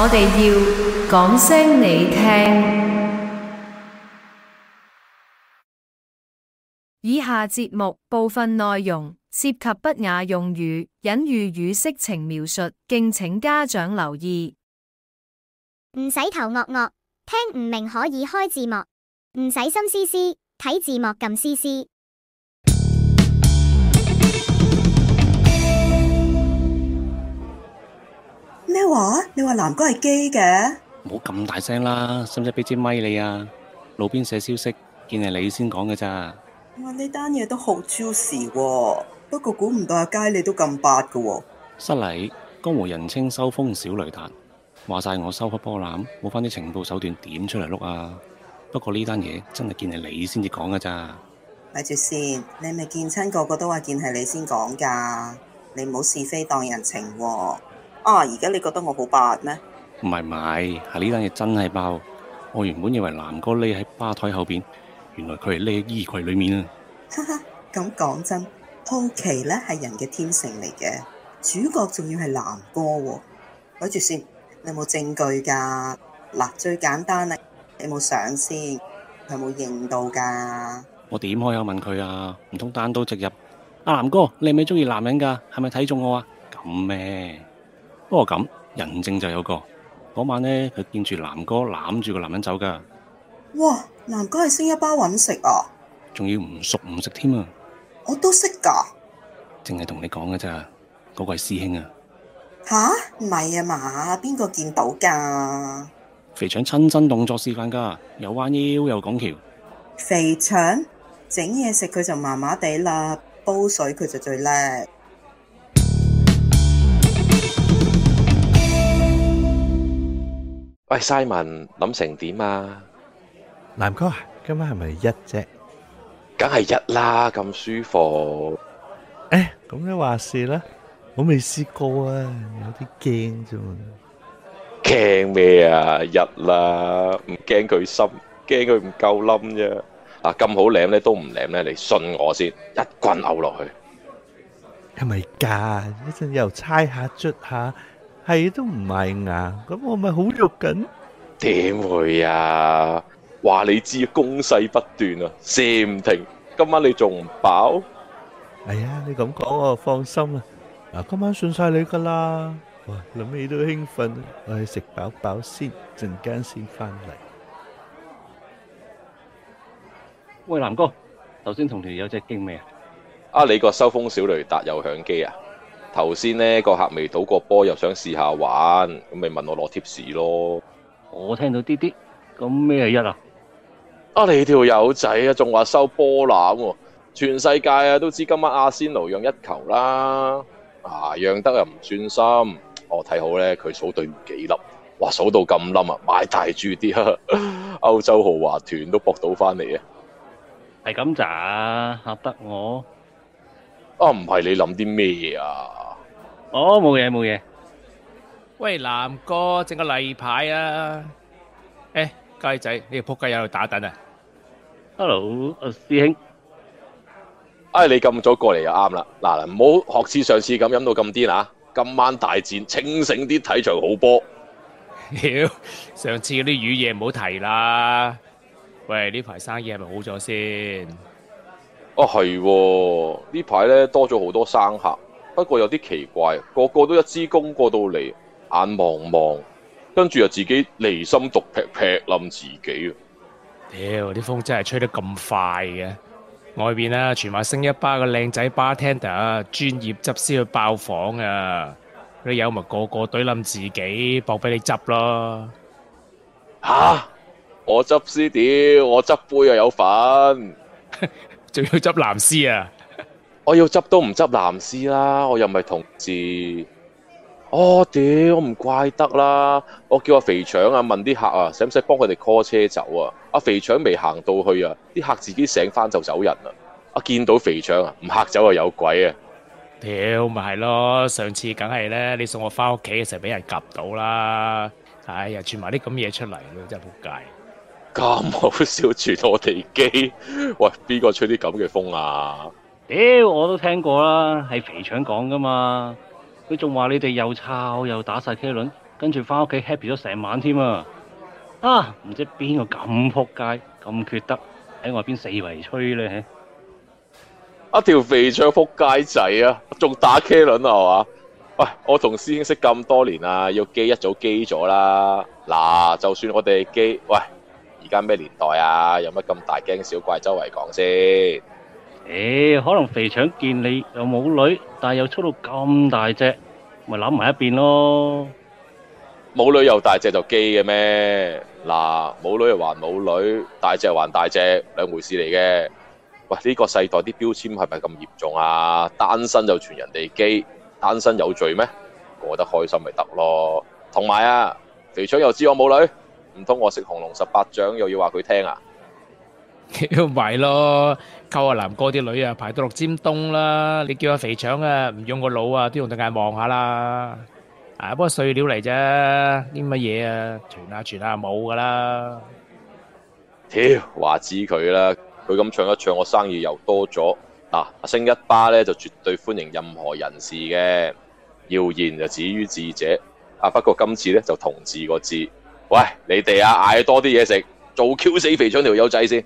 我哋要講聲你聽，以下節目部分內容涉及不雅用語、隱喻與色情描述，敬請家長留意。唔使頭惡惡，聽唔明可以開字幕，唔使心思思睇字幕撳思思。哇你話南哥係基嘅，唔好咁大聲啦，使唔使俾支咪你啊？路邊社消息，見係你先講㗎咋？哇！呢單嘢都好超時，不過估唔到阿佳你都咁八嘅。失禮，江湖人稱收風小雷達，話晒我收不波瀾，冇翻啲情報手段點出嚟碌啊？不過呢單嘢真係見係你先至講㗎咋？咪住先，你咪見親個個都話見係你先講噶，你唔好是非當人情喎。啊！而家你覺得我好白咩？唔係唔係，係呢單嘢真係爆！我原本以為南哥匿喺吧台後邊，原來佢係匿喺衣櫃裏面啊！哈哈， 咁講真，好奇咧係人嘅天性嚟嘅。主角仲要係南哥喎。哦，睇住先。你有冇證據㗎？嗱，最簡單啦，你冇相先？佢冇認到㗎？我點可以問佢啊？唔通單刀直入？阿、啊、南哥，你係咪中意男人㗎？係咪睇中我啊？咁咩？不過咁，人證就有個，嗰晚咧佢見住南哥攬住個男人走噶。哇，南哥係星一吧揾食啊，仲要唔熟唔食添啊！我都識噶，淨係同你講噶咋，嗰個係師兄啊。吓，唔係啊嘛，邊個見到噶？肥腸親身動作示範噶，又彎腰又拱橋。肥腸整嘢食佢就麻麻地啦，煲水佢就最叻。喂，Simon 諗成點啊？南哥，今晚係咪一啫？梗係一啦，咁舒服。誒，咁你話事啦，我未試過啊，有啲驚啫。驚咩啊？一啦，唔驚佢心，驚佢唔夠冧啫。啊，咁好舐咧都唔舐咧，你信我先，一棍毆落去。係咪㗎？一陣又猜下捽下。係都唔係啊，咁我咪好肉緊？點會啊？話你知，攻勢不斷啊，射唔停。今晚你仲唔飽？係啊，你咁講我放心啦。嗱，今晚信晒你噶啦。哇，諗起都興奮。我去食飽飽先，陣間先翻嚟。喂，南哥，頭先同條友仔勁未啊？啊，你個收風小雷達有響機啊？頭先呢個客未賭過波，又想試下玩，咁咪問我攞貼士咯。我聽到啲啲，咁咩一啊？啊，你條友仔啊，仲話收波腩喎！全世界啊都知今晚阿仙奴讓一球啦，啊讓得又唔算心。我睇好咧，佢數對唔幾粒？哇，數到咁冧啊！買大注啲，歐 洲豪華團都搏到翻嚟 啊！係咁咋吓得我？啊唔係你諗啲咩啊？哦，冇嘢冇嘢。喂，南哥，整個例牌啊！誒、欸，雞仔，你個撲雞喺度打蛋啊？Hello，阿師兄。唉、哎，你咁早過嚟就啱啦。嗱，唔好學似上次咁飲到咁癲啊！今晚大戰，清醒啲睇場好波。 上次嗰啲雨夜唔好提啦。喂，呢排生意係咪好咗先？啊、哦，係，呢排咧多咗好多生客。不過有啲奇怪，個個都一支公過到嚟，眼望望，跟住又自己離心獨劈劈冧自己。屌，啲風真係吹得咁快嘅、啊！外邊啦、啊，全話升一巴個靚仔 bartender 專業執師去爆房啊！你有咪個個懟冧自己，搏俾你執咯？吓？ 我執師屌，我執杯又有份，仲 要執藍師啊！我要執都唔執男屍啦，我又唔係同志。Oh, dear，我屌，我唔怪得啦。我叫阿肥腸啊，問啲客啊，使唔使幫佢哋 call 車走啊？阿肥腸未行到去啊，啲客自己醒翻就走人啦。阿見到肥腸啊，唔嚇走又有鬼啊？屌，咪係咯。上次梗係咧，你送我翻屋企嘅時候俾人夾到啦。哎呀，傳埋啲咁嘢出嚟咯，真係仆街。咁好笑，住到我哋機？喂，邊個吹啲咁嘅風啊？屌、欸，我都聽過啦，係肥腸講噶嘛，佢仲話你哋又抄又打晒茄輪，跟住翻屋企 happy 咗成晚添啊！啊，唔知邊個咁扑街，咁缺德，喺外邊四圍吹咧，一條肥腸扑街仔啊，仲打茄輪啊，係嘛？喂、啊，我同師兄識咁多年啦，要基一早基咗啦。嗱、啊，就算我哋基，喂，而家咩年代啊？有乜咁大驚小怪，周圍講先？誒，可能肥腸見你又冇女，但係又出到咁大隻，咪諗埋一邊咯。冇女又大隻就基嘅咩？嗱，冇女又還冇女，大隻還大隻，兩回事嚟嘅。喂，呢個世代啲標籤係咪咁嚴重啊？單身就傳人哋基，單身有罪咩？過得開心咪得咯。同埋啊，肥腸又知我冇女，唔通我食紅龍十八掌又要話佢聽啊？咪咯，溝阿男哥啲女啊，排到六尖東啦。你叫阿肥腸啊，唔用個腦啊，都用對眼望下啦。啊，不過碎料嚟啫，啲乜嘢啊，傳下傳下冇噶啦。屌，話知佢啦，佢咁唱一唱，我生意又多咗嗱。阿星一巴咧，就絕對歡迎任何人士嘅謠言就止於智者。啊，不過今次咧就同志個字。喂，你哋啊，嗌多啲嘢食，做 Q 死肥腸條友仔先。